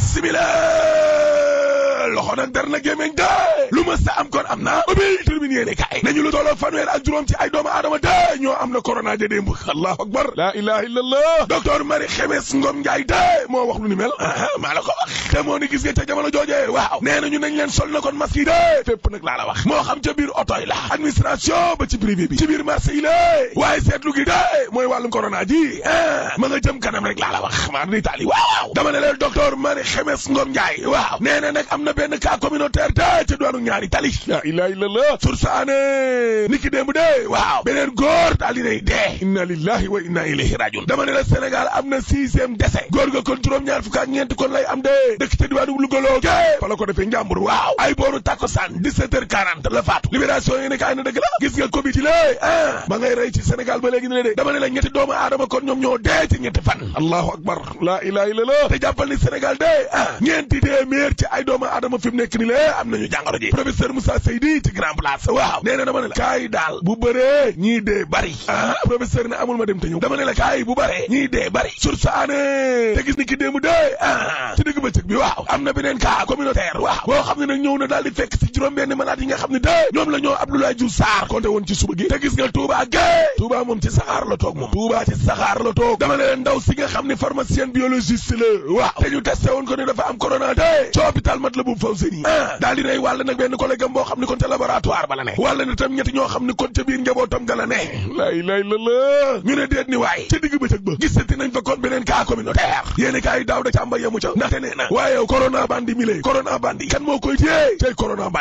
simila waxoonoon der na gémmiñ de lu mës ta am kon am na ubbi tribune yéene kaay nañu lu tolloo fanweer ak juróom ci ay doomu aadama de ñoo am na corona ja démb allahu akbar la ilaha illallah docteur Marie Xemes Ngom Njaay de moo wax la ko wax te moo ni gis na kon masque yi de la wax moo xam ca biir la administration ba ci bi ci biir marché yi la waaye seetlu gi de mooy wàllum corona ji ah, ma nga kanam rek la wax maa di taali waaw dama ne leen docteur Marie Xemes Ngom Njaay waaw nee na am na benn cas communautaire da ci doonu ñaari tali la ilaha illallah source ané ni ki démb dee waaw beneen góor daal nay dee inna lillahi wa inna ilayhi rajiun dama ne la Sénégal am na sixième décès góor nga kon juróom-ñaar fukk ak ñeent kon lay am dee dëkk ca diwaanu Louga fa la ko defee njàmbur waaw ay booru takkusaan 17h40 la faatu libération yéene kaay na dëgg la gis nga Covid yi la ah ma ngay rey ci Sénégal ba léegi ne de dama ne la ñetti doomu fi mu nekk ni la am nañu jàngoro ji professeur Moussa Seydi ci grand place waaw nee na dama ne la kaay daal bu bëree ñii dee bari ah professeur ne amul ma dem te ñëw dama ne la kaay bu bëree ñii dee bari sur sa année te gis ni ki démb dee ah ci digg bëccëg bi waaw am na beneen cas communautaire waaw boo xam ne nag ñëw na daal di fekk si juróom-benn malade yi nga xam ne de ñoom la ñoo Abdoulaye Diouf Sarr compté woon ci suba gi te gis nga Touba gée Touba moom ci saxaar la toog moom Touba ci saxaar la toog dama leen ndaw si nga xam ne pharmacien biologiste la waaw te ñu testé woon ko ne dafa am corona te ci hôpital Matlaboul Fawzeyni ah daal di rey wàll nag benn collègue am xam ne kon ca laboratoire ba la ne wàll na tam ñetti ñoo xam ne kon ca biir njabootam ga la ne laay laay la la ñu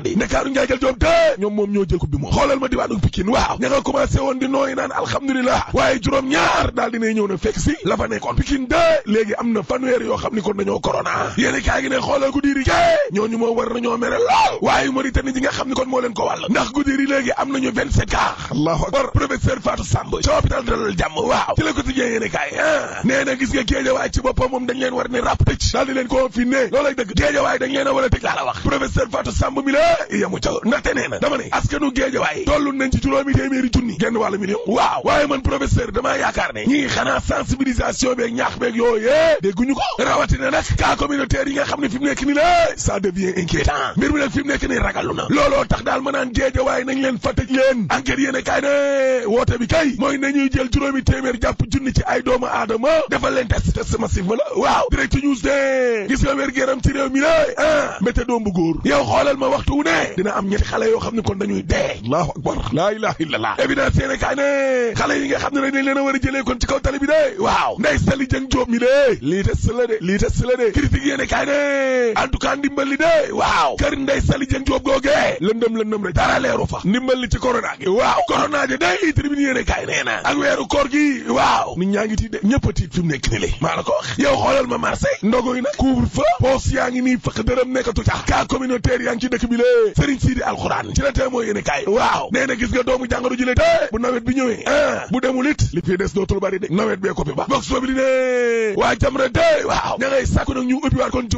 ne bi njaajal joom te ñoom moom ñoo jël ko bi mu xoolal ma diwaanu Pikine waaw ña nga commencé woon di nooy naan alhamdulilah waaye juróom ñaar daal dinay ñëw na fekk si la fa nekkoon de léegi am na fanweer yoo xam ni kon dañoo corona yéeni gi ne xoolal guddiir yi ke ñooñu moo war nañoo mere lool waaye Mauritanie ji nga xam ni kon moo leen ko wàll ndax guddiir yi léegi am nañu vingt-sept cas allahu akbar professeur Fatou Samb Dalal yamu ca ndaxte nee na dama ne askanu waaye tollu nañ ci juróomi téeméeri junni genn wàllu million waaw waaye man professeur damaa yaakaar ne ñi xanaa sensibilisation beeg ñaax beeg yooyee dégguñu ko rawatina nag cas communautaire yi nga xam ne fi mu nekk ni la ça devient inquiétant mbir mi nag fi mu nekk ni ragalu na looloo tax daal ma naan géejawaay nañ leen fa tëj leen enquête yéen a kaay ne woote bi kay mooy nañuy jël juróomi téeméer jàpp ci ay doomu aadama defal leen test la waaw direct news de gis mi la ah bu góor yow ne dina am ñetti xale yoo xam ne kon dañuy dee allahu akbar laa ilaha illallah évidence yéene kaay ne xale yi nga xam ne dañ leen a war a jëlee kon ci kaw tali bi de waaw ndey sali jëng jóob mi de lii test la de lii test la de critique yéene kaay ne en tout cas li de waaw kër ndey sali jëng jóob googu lëndëm lëndëm rek dara leeru fa ndimbal li ci corona gi waaw corona ji day tribune yéene kaay nee na ak weeru koor gi waaw nit ñaa ngi tiit de ñëpp a tiit fi mu nekk ni li maa la ko yow xoolal ma Marseille ndogo yi nag couvre poos yaa ngi nii fëkk dërëm nekkatu ca cas communautaire yaa ngi ci dëkk bi lee Serigne Sidi Alxuraan ci la teemoo yéene kaay waaw nee gis nga doomu jàngoro ji le té bu nawet bi ñëwee ah bu demul it li fii des dootul bari de nawet ba box sobli ne waa Jamra day waaw ña ngay sàkku nag ñu ubbiwaat kon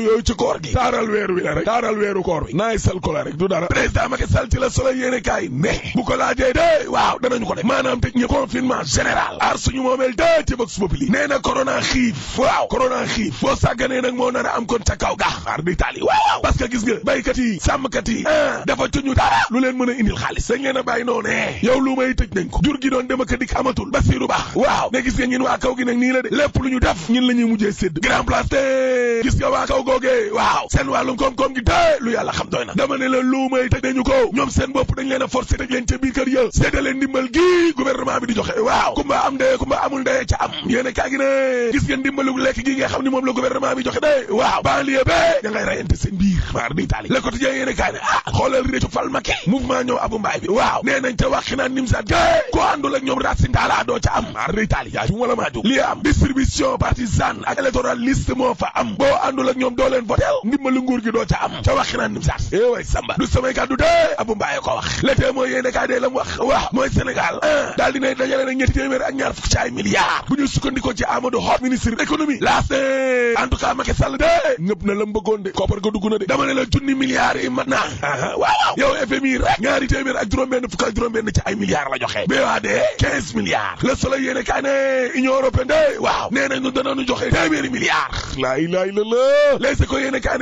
millions yooyu ci koor gi taaral weer wi la rek taaral weeru koor wi naay sal ko la rek du dara président Macky Sall ci la solo yéene kaay bu ko laajee de waaw danañu ko def maanaam tëj ñu confinement général aar suñu moomeel de ci vox populi nee na corona xiif waaw corona xiif boo sàgganee nag moo nar a am kon ca kaw gax aar di taali waaw parce gis nga béykat yi sàmmkat yi ah, dafa tuñu dara lu leen mën a indil xaalis dañ leen a bàyyi noonu yow lu may gis nga waa kaw googee waaw seen wàllum koom-koom gi dee lu yàlla xam doy na dama la lu may tëj nañu ko ñoom seen bopp dañ leen a forcé tëj leen ca biir kër ya séddaleen ndimbal gi gouvernement bi di joxe waaw kumba am de kumba amul de ca am yéene kaa ne gis nga ndimbalu lekk gi nga xam ni moom la gouvernement bi joxe de waaw banlieue ba da ngay rayante seen biir xibaar di taali le quotidien yéen kaay ne ah xoolal réccu fal Macky mouvement ñëw abu mbaay bi waaw nee nañ te waxi naan nim saat ko àndul ak ñoom rasin taalaa doo ca am ar di taali yaa jum wala maa jum lii am distribution partisane ak électoral liste fa am boo àndul ak ñoom doo leen votel nguur gi doo ca am ca waxi naan nim saat eh way samba du samay kàddu de abu mbaay ko wax le tee mooy yéen kaay dee lam wax waaw mooy a daal dama ne la junni milliards yi mën na waaw waaw yow FMI rek ñaari téeméer ak juróom-benn fukk ak juróom-benn ci ay milliards la joxe BOAD 15 milliards Le Soleil yéene kaa ne Union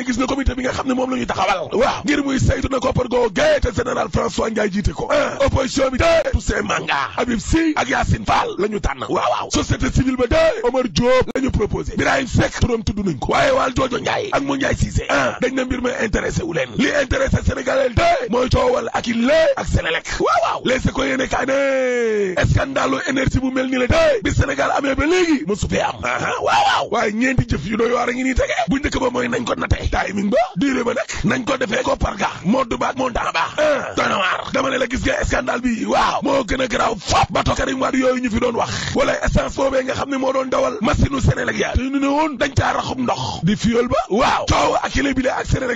gis na comité bi nga xam ne moom la ñu taxawal waaw ngir muy saytu na koppar goo gée te général François Ndiaye jiite ko opposition bi de Toussaint Manga Habib Sy ak Yacine Fall la tànn waaw waaw société civile ba de Omar Diop la ñu proposé Birahim Seck turam nañ ko waaye waal joojo Ndiaye ak mu Ndiaye Cissé dañ na mbir tourisme intéressé li intéressé sénégalais de mooy coowal ak il lé ak Sénélec waaw waaw les si ko yéene kaa ne scandalu bu mel ni la de bi Sénégal amee ba léegi mu supee am aha waaw waaw waaye ñeenti jëf yu doy waar a ngi nii tege bu njëkk ba mooy nañ ko nattee timing ba durée ba nag nañ ko defee ko parga modd baak montant ba ah doy dama ne la gis nga scandale bi waaw moo gën a garaaw fop bato Karim Wade yooyu ñu fi doon wax wala essence boobee nga u Sénélec ya te ñu ne woon dañ caa raxum ndox di fuel ba waaw coow ak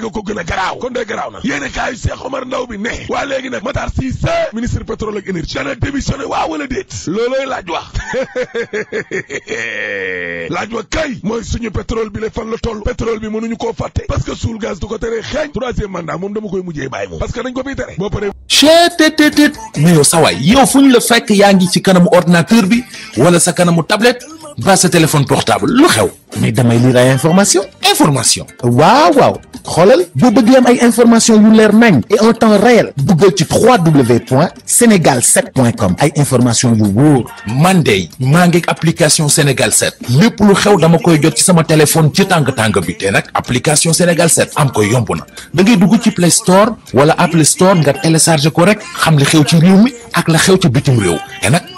nga ko gën a garaaw kon de garaaw na yéen a kaayu Cheikh Omar Ndaw bi ne waa léegi nag Matar Cissé ministre pétrole ak énergie dana démissionné waa wala déet loolooy laaj wax laaj wa kay mooy suñu pétrole bi la fan la toll pétrole bi mënuñu koo fàtte parce que suul gaz du ko tere xeeñ troisième mandat moom dama koy mujjee bàyyi moom parce que dañ ko fiy tere boo paree chetttt mais yow sawaay yow fu ñu la yaa ngi ci kanamu ordinateur bi wala sa kanamu tablette sa téléphone portable lu xew mais damay lire ay information information waaw waaw xoolal boo bëggee am ay information yu leer nañ et en temps réel duggal ci 3w point sénégal 7 point ay information yu wóor man de maa ngi application sénégal 7 lépp lu xew dama koy jot ci sama téléphone ci tàng tàng bi te nag application sénégal 7 am koy yomb na da ngay dugg ci play store wala apple store nga télécharge ko rek xam li xew ci réew mi ak la xew ci bitim réew te nag